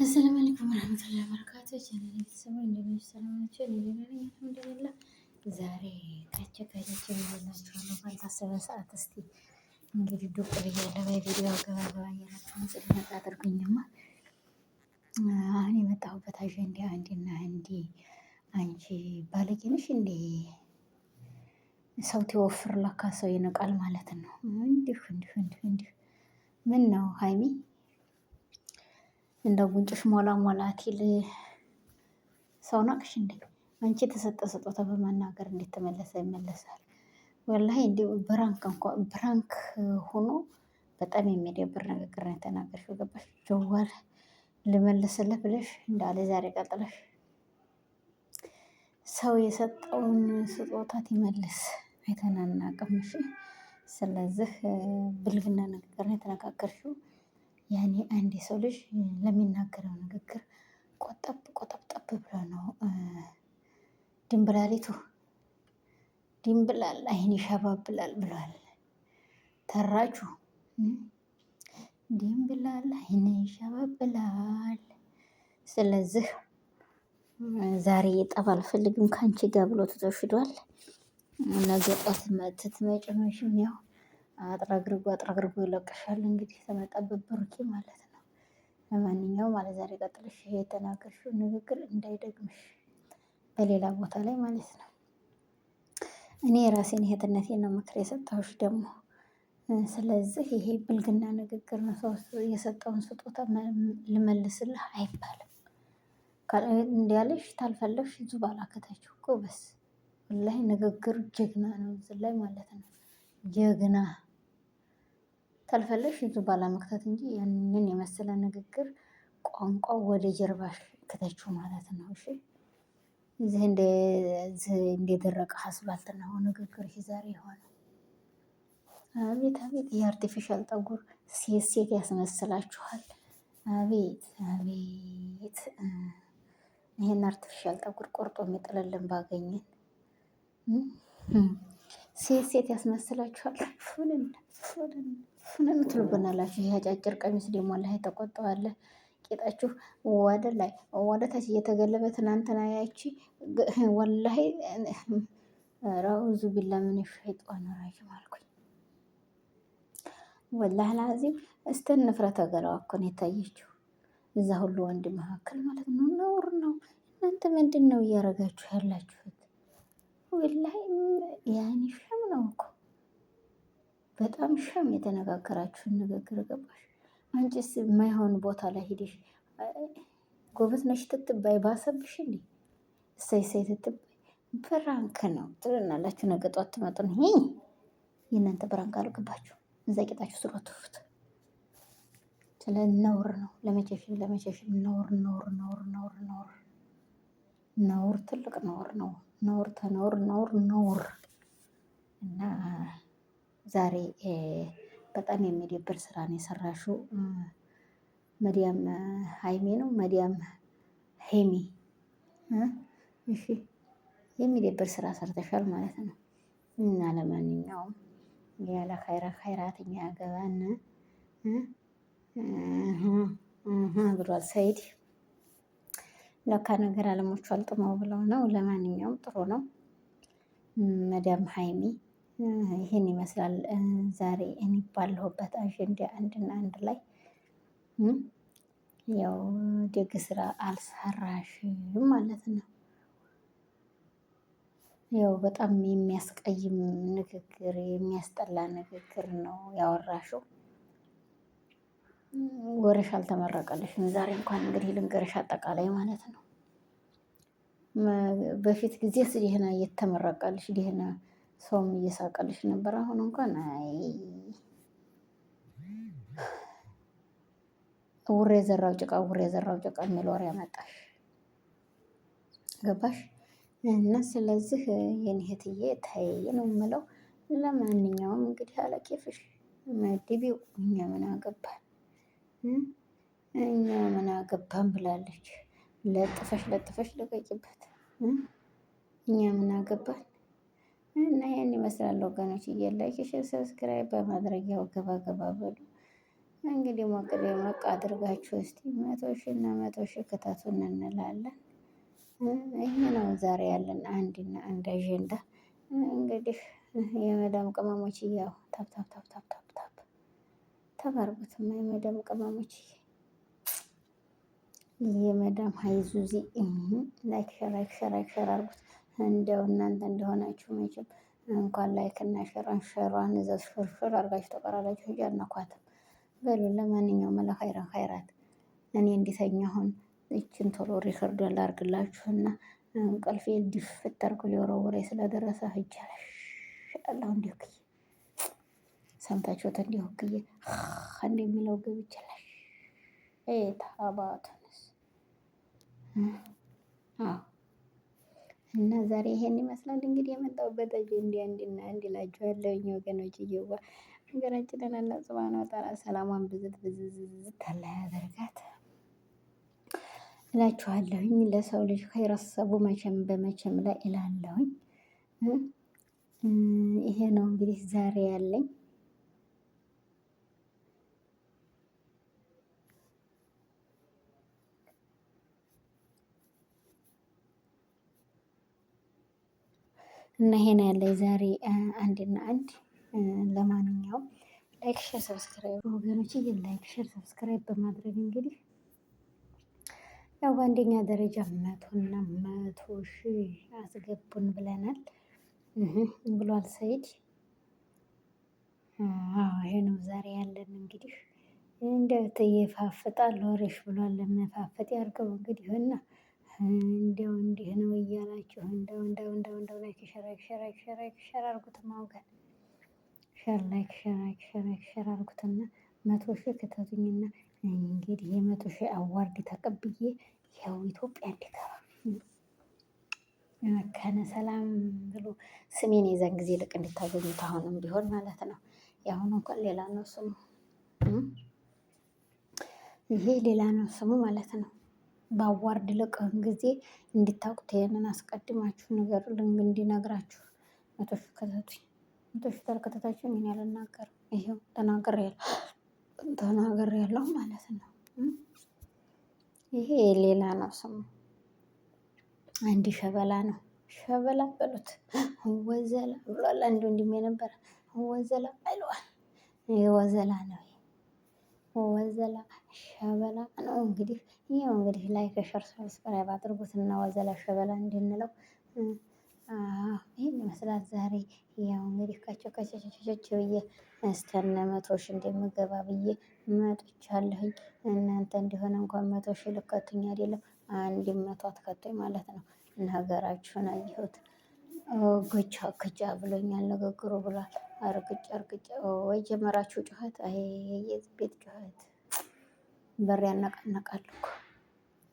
አሰላም አለይኩም ወራህመቱላሂ ወበረካቱ። ጀነራል ቤተሰብ እንደምን ሰላማችሁ? እንደምን አልሐምዱሊላህ። ዛሬ ካቸ ካቸ ይላችኋለሁ። ባልታሰበ ሰዓት እስኪ እንግዲህ ዱቅ ብያለሁ። በቪዲዮ ገባ ገባ እያላችሁ ስለመጣ አድርጉኝማ። አሁን የመጣሁበት አጀንዳ አንዴና አንዴ አንቺ ባለጌ ነሽ እንዴ ሰው ትወፍር ለካ ሰው ይነቃል ማለት ነው። እንዲሁ እንዲሁ እንዲሁ እንዲሁ ምን ነው ሀይሚ እንደ ጉንጭሽ ሞላ ሞላቲል ሰው ናቅሽ እንዴ? አንቺ የተሰጠ ስጦታ በመናገር እንዴት ተመለሰ ይመለሳል? ወላ እንዲ ብራንክ እንኳ ብራንክ ሆኖ በጣም የሚደብር ንግግር ነው የተናገርሽው። ገባሽ? ጀዋል ልመልስልህ ብለሽ እንዳለ ዛሬ ቀጥለሽ ሰው የሰጠውን ስጦታ ይመልስ አይተናናቅምሽ። ስለዚህ ብልግና ንግግር ነው የተነጋገርሽው። ያኔ አንድ የሰው ልጅ ለሚናገረው ንግግር ቆጠብ ቆጠብጠብ ብሎ ነው። ድንብላሊቱ ድንብላል አይን ይሸባብላል ብሏል ተራቹ። ድንብላል አይን ይሸባብላል። ስለዚህ ዛሬ ጠብ አልፈልግም ከአንቺ ጋር ብሎ ትቶሽ ነገ ጧት ትመጪ ያው አጥረግርጎ አጥረግርጎ ይለቅሻል። እንግዲህ የተመጣበት ብሩኬ ማለት ነው። ለማንኛውም ማለት ዛሬ ቀጥልሽ ይሄ የተናገርሽው ንግግር እንዳይደግምሽ በሌላ ቦታ ላይ ማለት ነው። እኔ የራሴን እህትነቴን ነው ምክር የሰጠሁሽ ደግሞ። ስለዚህ ይሄ ብልግና ንግግር ነው። ሰው የሰጠውን ስጦታ ልመልስልህ አይባልም። እንዲያለሽ ታልፈለሽ እዚሁ ባላከታችሁ እኮ በስ ላይ ንግግር ጀግና ነው ላይ ማለት ነው ጀግና ተልፈለሽ ዩቱብ ባላመክታት እንጂ ያንን የመሰለ ንግግር ቋንቋ ወደ ጀርባሽ ክተችው ማለት ነው። እሺ እዚህ እንደደረቀ አስፋልት ነው ንግግር ዛሬ የሆነ አቤት አቤት! የአርቲፊሻል ጠጉር ሴት ሴት ያስመስላችኋል። አቤት አቤት! ይህን አርቲፊሻል ጠጉር ቆርጦ የሚጥልልን ባገኘን ሴት ሴት ያስመስላችኋል። ፉን የምትሉብናላችሁ። ይህ አጫጭር ቀሚስ ደግሞ ላይ ተቆጠዋለ ጌጣችሁ ወደ ላይ ወደ ታች እየተገለበ ትናንትና ያቺ ወላሂ ረውዙ ቢላ ምን ሸይጣን ራጅም አልኩኝ። ወላህ ላዚም እስተ ንፍረት ገላዋ አኮን የታየችው እዛ ሁሉ ወንድ መካከል ማለት ነው። ነውር ነው። እናንተ ምንድን ነው እያረጋችሁ ያላችሁት? ወላሂ ያኒ ሸም ነው እኮ በጣም ሻም የተነጋገራችሁን ንግግር ገባሽ። አንቺስ የማይሆን ቦታ ላይ ሂደሽ ጎበዝ ነሽ ትትባይ ባሰብሽ እንዴ? እሰይ እሰይ ትትባይ ብራንክ ነው ትልናላችሁ። ነገ ጧት ነው ይሄ የእናንተ ብራንክ አልገባችሁ እዛ ጌጣችሁ ስሮትፉት ስለ ነውር ነው። ለመቼሽን ለመቼሽን ነውር ነውር ነውር ነውር ነውር ነውር ትልቅ ነውር ነው። ነውር ተነውር ነውር ነውር እና ዛሬ በጣም የሚደብር ስራ ነው የሰራሹ። መዲያም ሀይሜ ነው መዲያም ሄሚ እሺ፣ የሚደብር ስራ ሰርተሻል ማለት ነው። እና ለማንኛውም ያለ ኸይራ ኸይራት የሚያገባን ብሏል ሰይድ። ለካ ነገር አለሞቹ አልጥመው ብለው ነው። ለማንኛውም ጥሩ ነው መዲያም ሀይሚ ይህን ይመስላል ዛሬ እኔ ባለሁበት አጀንዳ አንድና አንድ ላይ ያው ደግ ስራ አልሰራሽም ማለት ነው። ያው በጣም የሚያስቀይም ንግግር የሚያስጠላ ንግግር ነው ያወራሽው። ወረሽ አልተመረቀልሽም። ዛሬ እንኳን እንግዲህ ልንገርሽ አጠቃላይ ማለት ነው። በፊት ጊዜ ስ ስድህና እየተመረቀልሽ ድህና ሰውም እየሳቀልሽ ነበር። አሁን እንኳን አይ እውር የዘራው ጭቃ ውር የዘራው ጭቃ የሚል ወሬ ያመጣሽ ገባሽ። እና ስለዚህ የኔ እህትዬ ነው የምለው። ለማንኛውም እንግዲህ አለቄፍሽ መድቢው እኛ ምን አገባን እኛ ምን አገባን ብላለች። ለጥፈሽ ለጥፈሽ ልቀቂበት። እኛ ምን አገባን እና ይህን ይመስላል ወገኖች፣ እየላይክ ሼር፣ ሰብስክራይብ በማድረግ ያው ገባ ገባ በሉ እንግዲህ ሞቅ ሞቅ አድርጋችሁ እስቲ መቶ ሺ እና መቶ ሺ ክተቱን እንላለን። ይህ ነው ዛሬ ያለን አንድና አንድ አጀንዳ። እንግዲህ የመዳም ቅመሞች እያው ታፕታፕታፕታፕታፕ ተባርጉትማ የመዳም ቅመሞች የመዳም ሀይዙዚ ላይክ ሸር ላይክ ሸር ላይክ ሸር አርጉት። እንደው እናንተ እንደሆናችሁ መቼም እንኳን ላይክ እና ሸሯን ሸሯን እዛ ሽርሽር አድርጋችሁ ተቀራላችሁ እንጂ አልነኳትም። በሉ ለማንኛውም መላ ኸይረን ኸይራት። እኔ እንዲተኛ አሁን እችን ቶሎ ሪከርድ ላድርግላችሁና እንቅልፌ ድፍት አድርጎ ሊወረውረኝ ስለደረሰ ህጃለሽ አለሁ እንዲሁ ክዬ ሰምታችሁት እንዲሁ ክዬ እንደሚለው ገብቻለሽ ታባቱንስ እና ዛሬ ይሄን ይመስላል እንግዲህ የመጣሁበት እንዲ እንዲና እንዲላችኋለሁኝ ወገኖች እየዋ ሀገራችንን አላ ስብሃነ ወተዓላ ሰላሟን ብዝት ብዝዝዝት አላ ያደርጋት እላችኋለሁኝ። ለሰው ልጅ ከይረሰቡ መቼም በመቼም ላይ እላለሁኝ። ይሄ ነው እንግዲህ ዛሬ ያለኝ። እና ይሄን ያለ ዛሬ አንድና አንድ። ለማንኛውም ላይክ ሸር ሰብስክራይብ ወገኖች ላይክ ሸር ሰብስክራይብ በማድረግ እንግዲህ ያው በአንደኛ ደረጃ መቶና መቶ ሺ አስገቡን ብለናል ብሏል ሰይድ። ይሄ ነው ዛሬ ያለን እንግዲህ እንደት ይፋፍጣል ወሬሽ ብሏል። ለመፋፈጥ ያርገው እንግዲህ እና እንደው እንዲህ ነው እያላችሁ እንደው እንደው እንደው እንደው ላይክ ሸር ላይክ ሸር ላይክ ሸር ላይክ ሸር አድርጉትማ ወገን ሸር ላይክ ሸር ላይክ ሸር ላይክ መቶ ሺህ ክተቱኝና እንግዲህ የመቶ ሺህ አዋርድ ተቀብዬ ያው ኢትዮጵያ እንዲገባ መካነ ሰላም ብሎ ስሜን የዛን ጊዜ ልቅ እንድታገኙት አሁንም ቢሆን ማለት ነው። የአሁኑ እንኳን ሌላ ነው ስሙ፣ ይሄ ሌላ ነው ስሙ ማለት ነው። በአዋርድ ልቅህን ጊዜ እንድታውቁት ይህንን አስቀድማችሁ ነገር ልንግ እንዲነግራችሁ። መቶ ሺህ ከተቱኝ፣ መቶ ሺህ ካልከተታችሁ እኔ አልናገርም። ይሄው ተናገር ያለው ማለት ነው። ይሄ ሌላ ነው ስሙ፣ አንድ ሸበላ ነው። ሸበላ በሉት ወዘላ ብሏል። አንዱ ወንድሜ ነበረ ወዘላ አይለዋል። ወዘላ ነው ወዘላ ሸበላ ነው እንግዲህ ይህ እንግዲህ ላይክ ሸር ሰብስክራይብ አድርጉትና ወዘላ ሸበላ እንድንለው ይህን ይመስላል። ዛሬ ያው እንግዲህ ካቸው ከቸቸቸቸች ብዬ እስከነ መቶ ሺ እንደምገባ ብዬ መጥቻለሁኝ። እናንተ እንደሆነ እንኳን መቶ ሺ ልከቱኝ አይደለም አንድ መቶ አትከቱኝ ማለት ነው። እና አየሁት። ግቻ ግቻ ብሎኛል ንግግሩ ብሏል። አርግጭ አርግጭ ወይ ጀመራችሁ ጩኸት፣ የዚህ ቤት ጩኸት በር ያነቃነቃል እኮ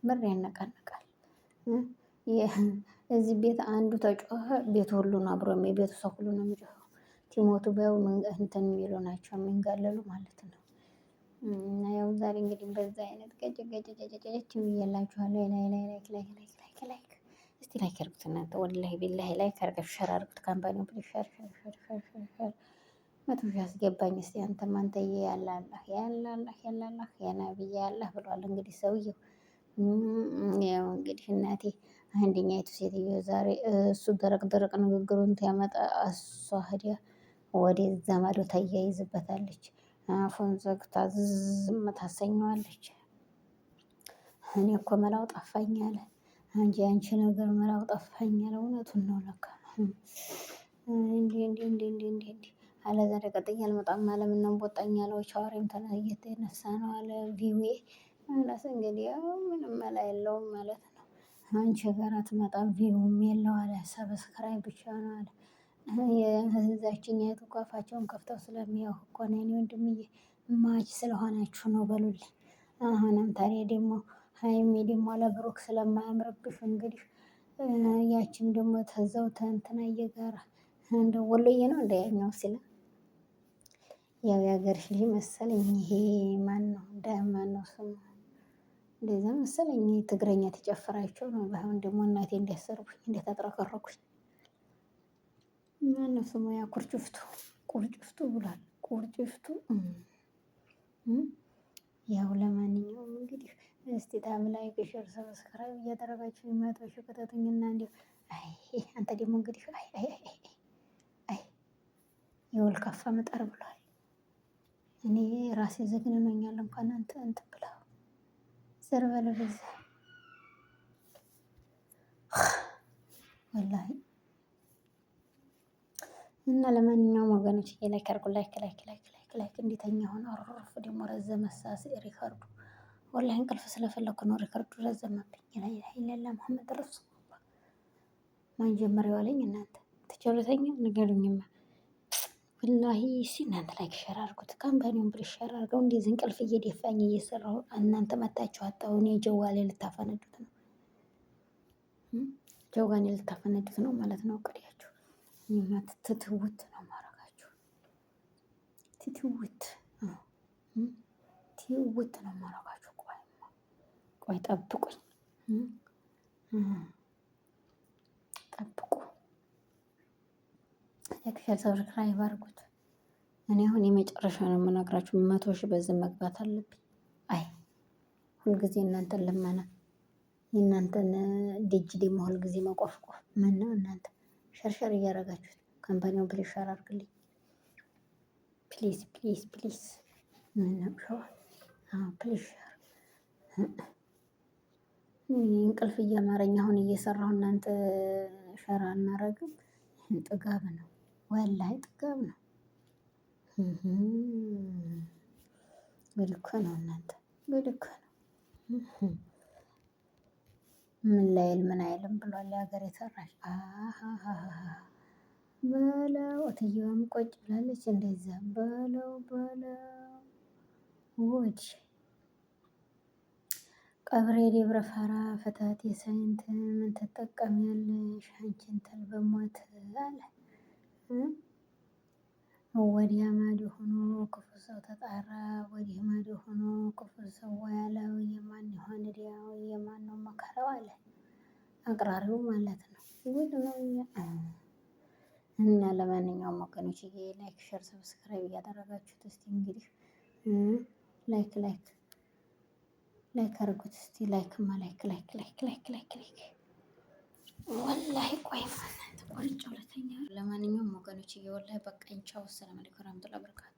በር ያነቃነቃል። እዚህ ቤት አንዱ ተጮኸ ቤት ሁሉ ነው አብሮ የቤቱ ሰው ሁሉ ነው የሚጮኸው። ቲሞቱ በው እንትን የሚሉ ናቸው የሚንጋለሉ ማለት ነው። እና ያው ዛሬ እንግዲህ በዛ አይነት ገጭ ገጭ ገጭ ገጭ ብዬላችኋለሁ። ላይክ ላይክ ላይክ ላይክ ላይክ ላይክ እስቲ ላይክ አድርጉት እናንተ ወላሂ ቢላሂ ላይክ አድርጋችሁ ሸር አድርጉት። ካምፓኒው ብ ሸር ሸር ሸር ሸር ሸር ሸር መቶ ሺህ አስገባኝ እስቲ አንተም አንተዬ ያላላህ ያላላህ ያላላህ የነብይ ያላህ ብሏል። እንግዲህ ሰውየው ያው እንግዲህ እናቴ አንደኛይቱ ሴትዮ ዛሬ እሱ ደረቅ ደረቅ ንግግሩን ያመጣ እሷ ህዲያ ወደ እዛ ታያይዝበታለች። አፉን ዘግታ ዝም ታሰኘዋለች። እኔ እኮ መላው ጠፋኝ አለ። አንቺ አንቺ ነገር ምራቅ ጠፋኛል። እውነቱን ነው ለካ እንዴ እንዴ እንዴ እንዴ እንዴ እንዴ አለ ዛሬ ቀጥዬ አልመጣም አለ ምነው ቦጣኛ አለው። ቻዋሪም ተለያየት የተነሳ ነው አለ ቪዌ ራስ እንግዲህ ያው ምንም መላ የለውም ማለት ነው። አንቺ ጋር አትመጣም ቪውም የለው አለ ሰብስክራይብ ብቻ ነው አለ። የህዝባችን ያቱ እኮ ከፍተው ስለሚያው እኮ ነው። እኔ ወንድምዬ ማች ስለሆናችሁ ነው በሉልኝ። አሁንም ታዲያ ደግሞ ሀይሜ ደግሞ አለብሩክ ስለማያምርብሽ እንግዲህ ያቺም ደግሞ ተዘው ተንትናዬ ጋር እንደ ወሎዬ ነው እንደ ያኛው ሲል ያው የሀገርሽ ልጅ መሰለኝ ይሄ ማን ነው እንዳማን ነው ስሙ እንደዛ መሰለኝ ትግረኛ ተጨፈራቸው ነው። ባሁን ደግሞ እናቴ እንዲያሰርኩኝ እንዴት አጥረከረኩኝ ማን ነው ስሙ ያ ኩርቹፍቱ ላይክ፣ ሼር፣ ሰብስክራይብ እያደረጋችሁ የመቶ ሺህ ክተቱኝና እንዲሁ አንተ ደግሞ እንግዲህ የወል ከፋ ምጠር ብሏል። እኔ ራሴ ዘግንኖኛል። እንኳን አንተ እንት ብለው ዘር በል በዛ ወላሂ እና ለማንኛውም ወገኖች ላይክ አድርጉ። ላይክ ላይክ ላይክ ላይክ እንዴተኛ እንዲተኛ ሆነ አሮፍ ደግሞ ረዘመ ሳሴ ሪከርዱ ወላሂ እንቅልፍ ስለፈለኩ ነው። ሪከርዱ ረዘመብኝ። ላላ ላ መሐመድ ረሱሉላ ማን ጀመሪው አለኝ። እናንተ ተቸለተኛ ንገሩኝማ ወላሂ ሲ እናንተ ላይክ ሸር አድርጉት። ካምፓኒውን ብር ሸር አድርገው እንደዚህ እንቅልፍ እየደፋኝ እየሰራሁ እናንተ መታችሁ አጣሁን። ጀዋሌ ልታፈነዱት ነው፣ ጀዋኔ ልታፈነዱት ነው ማለት ነው። ቅሪያችሁ ትትውት ነው ማረጋችሁ፣ ትትውት ትውት ነው ማረጋችሁ። ቆይ ጠብቁኝ፣ ጠብቁ። ላይክ፣ ሰብስክራይብ አድርጉት። እኔ አሁን የመጨረሻ ነው የምነግራችሁ። መቶ ሺህ በዚህ መግባት አለብኝ። አይ ሁልጊዜ እናንተን ልመና የእናንተን ዲጅ ደግሞ ሁልጊዜ መቆፍቆፍ ምን ነው እናንተ ሸርሸር እያደረጋችሁት ካምፓኒው ፕሊዝ ሸር አድርግልኝ። ፕሊዝ ፕሊዝ ፕሊዝ ምን ነው ሸር ፕሊዝ ሸር እንቅልፍ እያማረኝ አሁን እየሰራሁ እናንተ ሸራ አናረግም። ጥጋብ ነው ወላሂ ጥጋብ ነው። በልኩ ነው እናንተ በልኩ ነው። ምን ላይል ምን አይልም ብሏል የሀገሬ ሰራሽ በለው እትዬዋም ቆጭ ብላለች እንደዛ በለው በለው ጉድ ቀብሬ ደብረ ፋራ ፍታት የሳይንት ምን ትጠቀሚያለሽ አንቺን ተል በሞት አለ። ወዲያ ማዶ ሆኖ ክፉ ሰው ተጣራ ወዲህ ማዶ ሆኖ ክፉ ሰው ያለው የማን ይሆን እዲያው የማን ነው መከራው አለ። አቅራሪው ማለት ነው ጉድ ነው። እና ለማንኛውም ወገኖች ላይክ፣ ሸር፣ ሰብስክራይብ እያደረጋችሁት እስቲ እንግዲህ ላይክ ላይክ ላይክ አድርጉት እስቲ ላይክማ ላይክ ላይክ ላይክ ላይክ ላይክ ላይክ ወላሂ ቆይ ማለት ቆርጬ ሁለተኛ። ለማንኛውም ወገኖች እየወላሂ በቃኝ። ቻው። ሰላም አለይኩም ወራህመቱላሂ በረካቱ